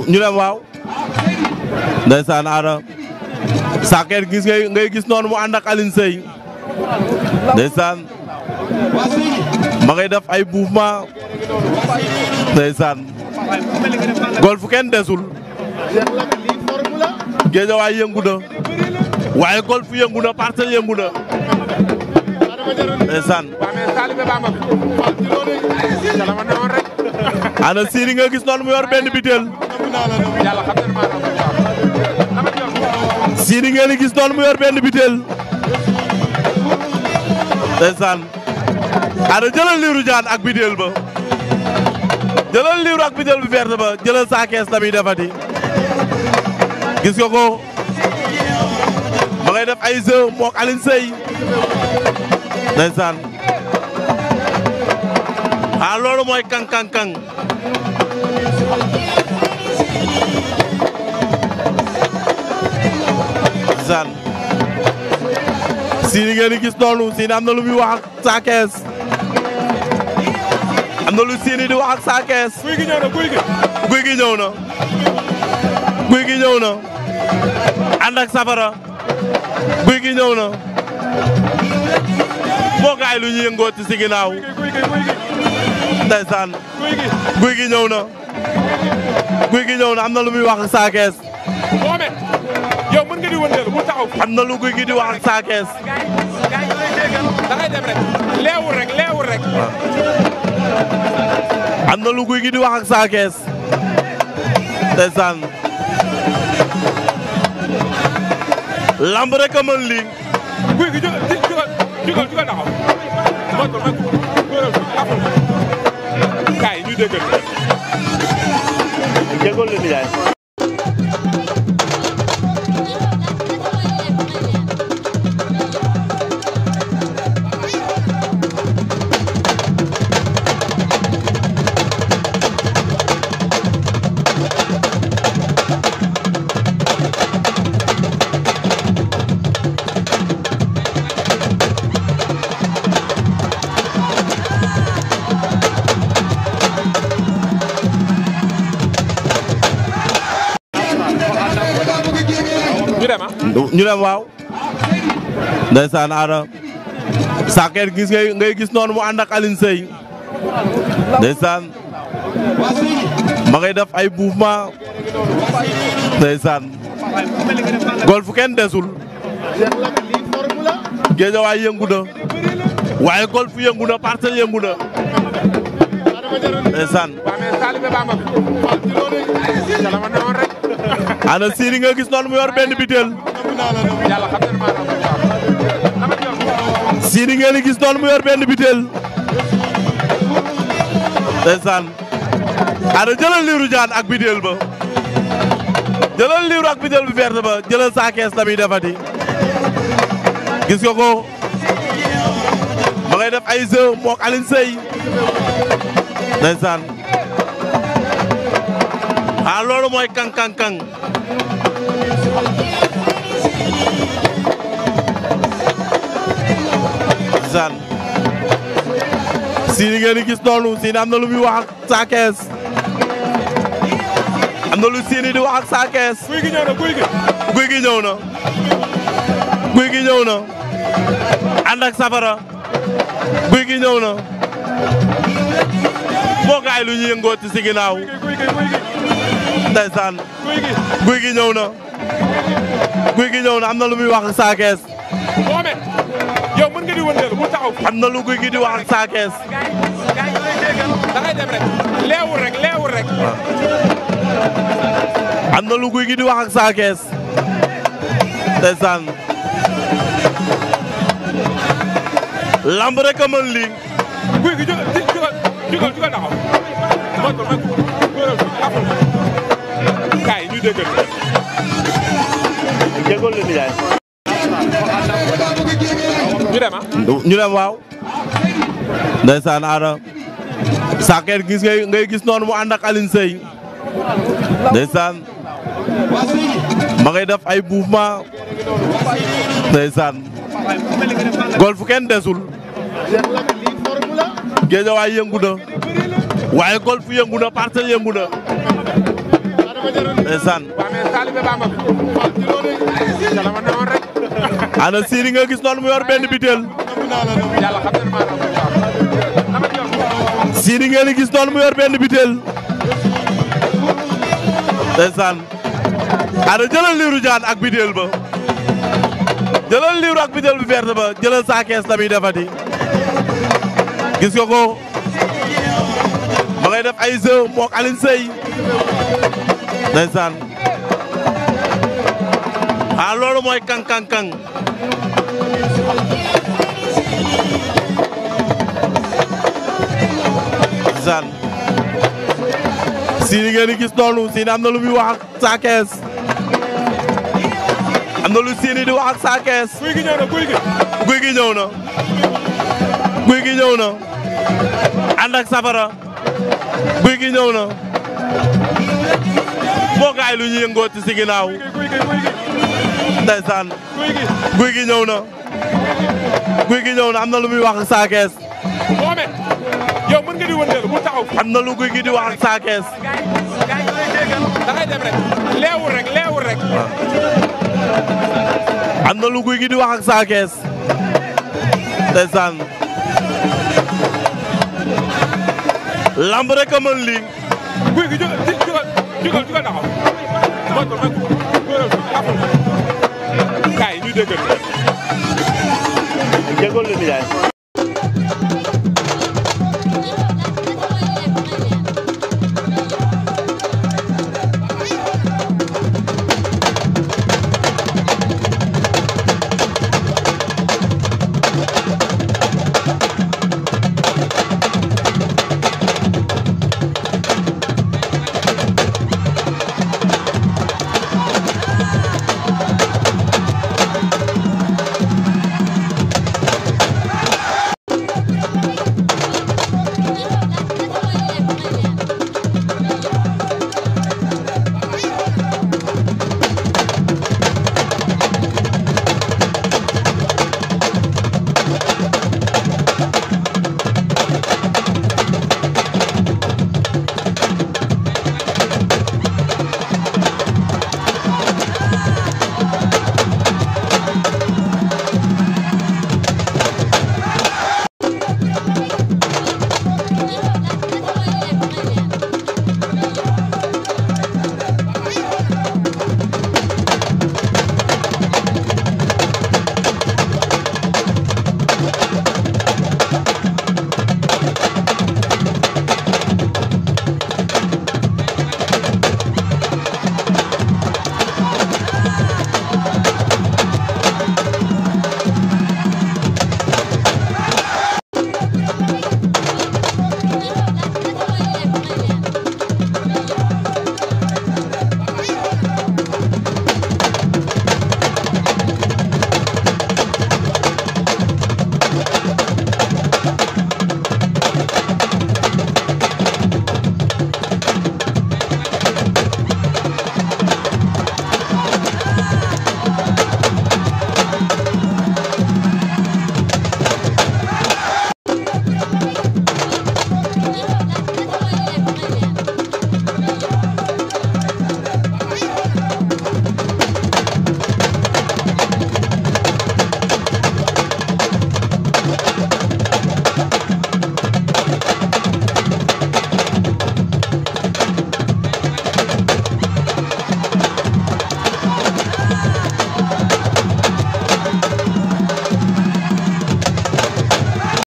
ñu leen waaw ndeysaan aada Sakel gis ngay ngay gis noonu mu ànd ak Alioune Seye ndeysaan ma ngay def ay mouvement ndeysaan golf kenn desul Guédiawaye yëngu na waaye golf yëngu na Parcelles yëngu na ndeysaan ana siiri nga gis noonu mu yor benn bitéel yàlla xam ngeen gis noonu mu yor benn butéel. ndeysaan. ana jëlal liiru jaan ak butéel ba. jëlal liiru ak butéel bu verte ba jëlal saa kees la muy defati. gis nga ko. def ay jeu mook Alioune Seye. ndeysaan. ah loolu mooy kang kang. ndeysaan si gis noonu si am na lu muy wax ak am na lu siini di wax ak Sa guy gi ñëw na guy gi guy gi ñëw na guy gi ñëw na safara guy gi ñëw na gaay lu ñu yëngooti si ginnaaw guy gi ñëw na guy gi ñëw am na lu muy wax ak nga di wëndeelu mu na lu guy gi di wax ak saa kees. gars yi da ngay rek leewul guy gi di wax ak saa kees. ndeysaan. lamb rek a ñu dem waaw. ndeysaan aada Saker gis ngay ngay gis noonu mu ànd ak Alioune Seye ndeysaan ma ngay def ay mouvement ndeysaan golf kenn desul géejawaay yëngu na waaye golf yëngu na parcelle yëngu na ana siiri nga gis noonu muyor benn bitéel. siiri ngeen di gis noonu mu benn bitéel. ndeysaan. ana jëlal liiru jaan ak bitéel ba. jëlal liiru ak bitéel bu verte ba jëlal saa kees la muy defati. gis nga ko. ma def ay jeu moog Alioune Seye. ndeysaan. ah loolu mooy kang kang kang. Zane Sidi ngeen di gis noonu Sidi am na lu muy wax ak am na lu Sidi di wax ak guy gi ñëw na guy gi. guy gi ñëw na. guy gi ñëw na. ànd ak safara. guy gi ñëw na. mbokk yi lu ñu yëngooti si ginnaaw. ndeysaan guy gi ñëw na guy gi ñëw na am na lu muy wax ak Sa Thiès yow mën na lu guy gi di wax ak Sa rek leewul rek am na lu guy gi di wax ak Sa Thiès lamb rek a mën lii kaay ñu déggal déggoon la nijaay ñu dem ah gis ngay gis noonu mu ànd ak Alioune Seye ndeysaan ma ngay def ay mouvement ndeysaan golf kenn desul géejawaay yëngu na waaye golf yëngu na parcelle ndeysaan ana siiri nga gis noonu mu yor benn bitéel siiri ngeen gis noonu mu yor benn bitéel ndeysaan ana jëlal liiru jaan ak bitéel ba jëlal liiru ak bitéel bi verte ba jëlal saa kees la muy defati gis nga ko ma ngay def ay jeu mook Alioune Seye ndeysaan a loolu mooy kang kang kang ndeysaan si ngeen di gis noonu si am lu muy wax ak Sa Thiès am lu Sini di wax ak Sa Thiès guy gi ñëw na guy gi guy gi ñëw na guy gi ñëw na ànd ak safara oh. guy gi ñëw na moo gaay lu ñu yëngooti si ginnaaw ndeysaan guy gi ñëw na guy gi ñëw na am na lu muy wax ak Sa Thiès yow mën nga di wëndeelu bu taxaw am na lu am na lu guy gi di wax ak Sa Thiès ndeysaan lamb rek a mën lii jugal jugal taxaw mooy ko mooy ko kaay ñu déggal. déggoo la